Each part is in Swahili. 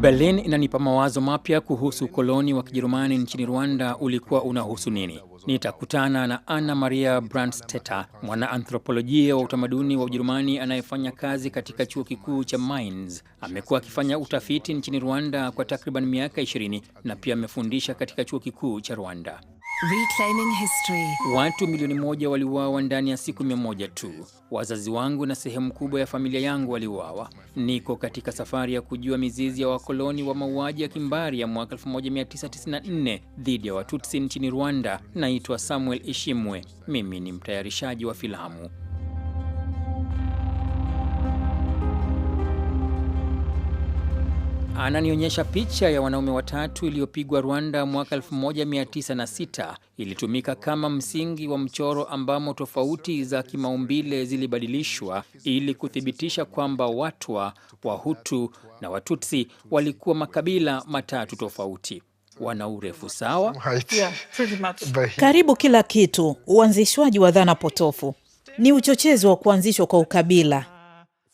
Berlin inanipa mawazo mapya kuhusu ukoloni wa Kijerumani nchini Rwanda ulikuwa unahusu nini. Nitakutana na Anna Maria Brandstetter, mwanaanthropolojia wa utamaduni wa Ujerumani anayefanya kazi katika chuo kikuu cha Mainz. Amekuwa akifanya utafiti nchini Rwanda kwa takriban miaka 20 na pia amefundisha katika chuo kikuu cha Rwanda. Reclaiming history. Watu milioni moja waliuawa ndani ya siku mia moja tu. Wazazi wangu na sehemu kubwa ya familia yangu waliuawa. Niko katika safari ya kujua mizizi ya wakoloni wa mauaji ya kimbari ya mwaka 1994 dhidi ya Watutsi nchini Rwanda. Naitwa Samuel Ishimwe. Mimi ni mtayarishaji wa filamu. Ananionyesha picha ya wanaume watatu iliyopigwa Rwanda mwaka 1906. Ilitumika kama msingi wa mchoro ambamo tofauti za kimaumbile zilibadilishwa ili kuthibitisha kwamba Watwa, Wahutu na Watutsi walikuwa makabila matatu tofauti wana urefu sawa. Yeah, karibu kila kitu. Uanzishwaji wa dhana potofu ni uchochezi wa kuanzishwa kwa ukabila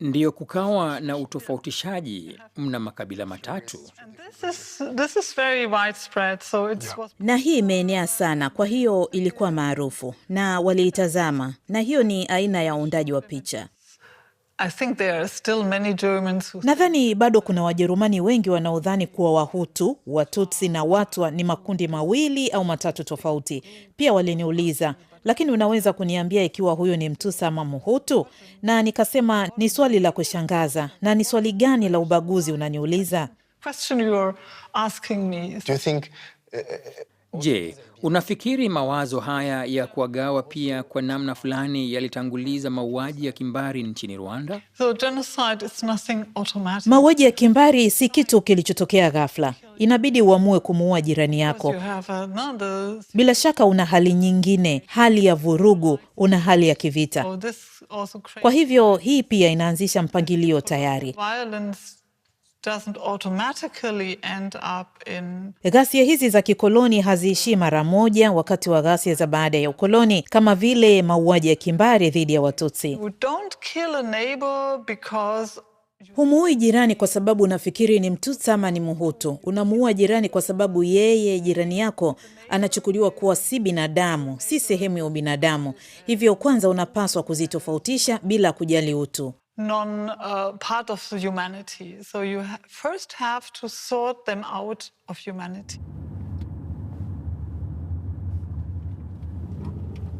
ndiyo kukawa na utofautishaji. Mna makabila matatu this is, this is very so it's... Yeah. Na hii imeenea sana, kwa hiyo ilikuwa maarufu na waliitazama, na hiyo ni aina ya uundaji wa picha. Who... nadhani bado kuna Wajerumani wengi wanaodhani kuwa Wahutu, Watutsi na Watwa ni makundi mawili au matatu tofauti. Pia waliniuliza lakini unaweza kuniambia ikiwa huyo ni Mtusa ama mhutu? Na nikasema ni swali la kushangaza, na ni swali gani la ubaguzi unaniuliza? Je, unafikiri mawazo haya ya kuwagawa pia kwa namna fulani yalitanguliza mauaji ya kimbari nchini Rwanda? Mauaji ya kimbari si kitu kilichotokea ghafla. Inabidi uamue kumuua jirani yako. Bila shaka una hali nyingine, hali ya vurugu, una hali ya kivita. Oh, kwa hivyo hii pia inaanzisha mpangilio tayari in... Ghasia hizi za kikoloni haziishii mara moja wakati wa ghasia za baada ya ukoloni kama vile mauaji ya kimbari dhidi ya Watutsi. Humuui jirani kwa sababu unafikiri ni Mtutsi ama ni Mhutu. Unamuua jirani kwa sababu yeye, jirani yako, anachukuliwa kuwa si binadamu, si sehemu ya ubinadamu. Hivyo kwanza unapaswa kuzitofautisha bila kujali utu non uh, part of humanity. So you ha first have to sort them out of humanity.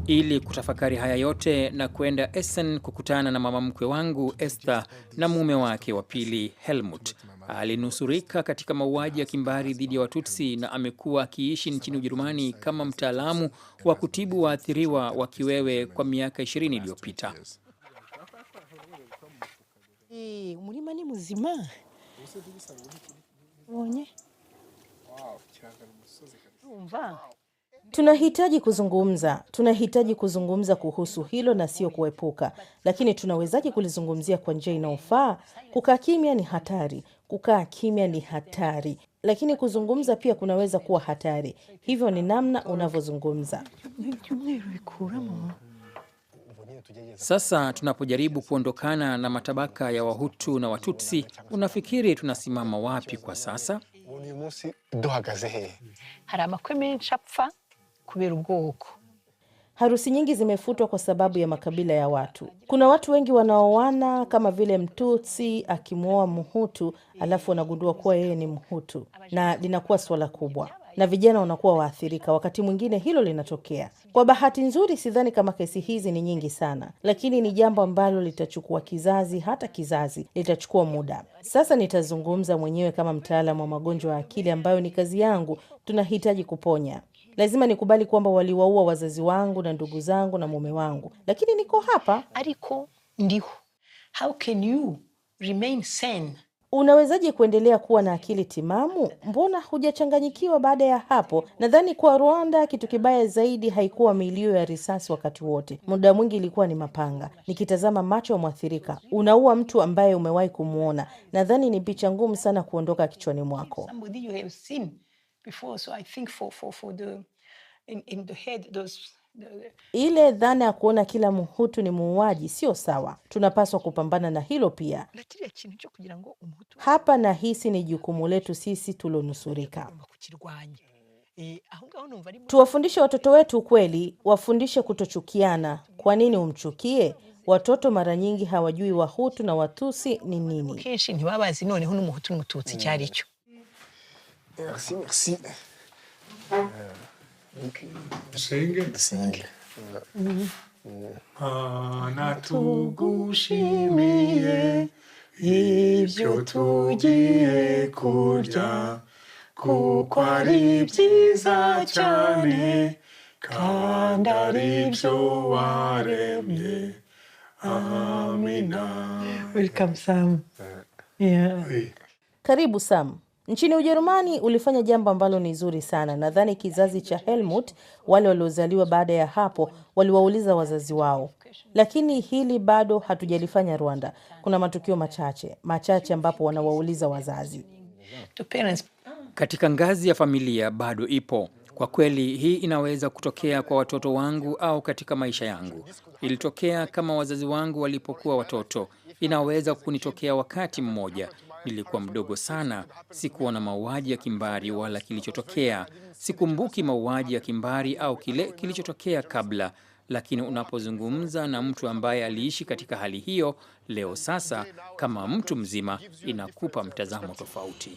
Ili kutafakari haya yote na kwenda Essen kukutana na mama mkwe wangu Esther na mume wake wa pili Helmut. Alinusurika katika mauaji ya kimbari dhidi ya Watutsi na amekuwa akiishi nchini Ujerumani kama mtaalamu wa kutibu waathiriwa wa kiwewe kwa miaka 20 iliyopita umurima eh, ni muzima ubonye Tunahitaji kuzungumza, tunahitaji kuzungumza kuhusu hilo na sio kuepuka. Lakini tunawezaje kulizungumzia kwa njia inayofaa? Kukaa kimya ni hatari, kukaa kimya ni hatari, lakini kuzungumza pia kunaweza kuwa hatari. Hivyo ni namna unavyozungumza. Sasa tunapojaribu kuondokana na matabaka ya Wahutu na Watutsi, unafikiri tunasimama wapi kwa sasa? Harusi nyingi zimefutwa kwa sababu ya makabila ya watu. Kuna watu wengi wanaoana, kama vile Mtutsi akimwoa Mhutu alafu wanagundua kuwa yeye ni Mhutu, na linakuwa suala kubwa na vijana wanakuwa waathirika. Wakati mwingine hilo linatokea. Kwa bahati nzuri, sidhani kama kesi hizi ni nyingi sana, lakini ni jambo ambalo litachukua kizazi hata kizazi, litachukua muda. Sasa nitazungumza mwenyewe kama mtaalamu wa magonjwa ya akili, ambayo ni kazi yangu. Tunahitaji kuponya. Lazima nikubali kwamba waliwaua wazazi wangu na ndugu zangu na mume wangu, lakini niko hapa. ariko ndiho how can you remain sane Unawezaje kuendelea kuwa na akili timamu? Mbona hujachanganyikiwa baada ya hapo? Nadhani kwa Rwanda kitu kibaya zaidi haikuwa milio ya risasi wakati wote, muda mwingi ilikuwa ni mapanga. Nikitazama macho ya mwathirika, unaua mtu ambaye umewahi kumwona. Nadhani ni picha ngumu sana kuondoka kichwani mwako. Ile dhana ya kuona kila Mhutu ni muuaji sio sawa. Tunapaswa kupambana na hilo pia. Hapa nahisi ni jukumu letu sisi tulionusurika, e, tuwafundishe watoto wetu ukweli, wafundishe kutochukiana. Kwa nini umchukie? Watoto mara nyingi hawajui Wahutu na Watusi ni nini. Msenge msenge Mana tugushimiye ibyo tugiye kurya kuko ari byiza cyane kandi ari byo waremye amina welcome sam uh, yeah. karibu sam Nchini Ujerumani ulifanya jambo ambalo ni zuri sana. Nadhani kizazi cha Helmut, wale waliozaliwa baada ya hapo, waliwauliza wazazi wao, lakini hili bado hatujalifanya Rwanda. Kuna matukio machache machache ambapo wanawauliza wazazi. Katika ngazi ya familia bado ipo. Kwa kweli, hii inaweza kutokea kwa watoto wangu au katika maisha yangu. Ilitokea kama wazazi wangu walipokuwa watoto, inaweza kunitokea wakati mmoja nilikuwa mdogo sana, sikuona mauaji ya kimbari wala kilichotokea. Sikumbuki mauaji ya kimbari au kile kilichotokea kabla lakini unapozungumza na mtu ambaye aliishi katika hali hiyo leo sasa kama mtu mzima inakupa mtazamo tofauti.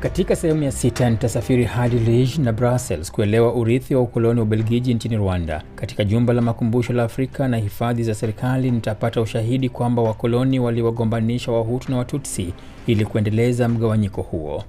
Katika sehemu ya sita nitasafiri hadi Liege na Brussels kuelewa urithi wa ukoloni wa Ubelgiji nchini Rwanda. Katika jumba la makumbusho la Afrika na hifadhi za serikali nitapata ushahidi kwamba wakoloni waliwagombanisha Wahutu na Watutsi ili kuendeleza mgawanyiko huo.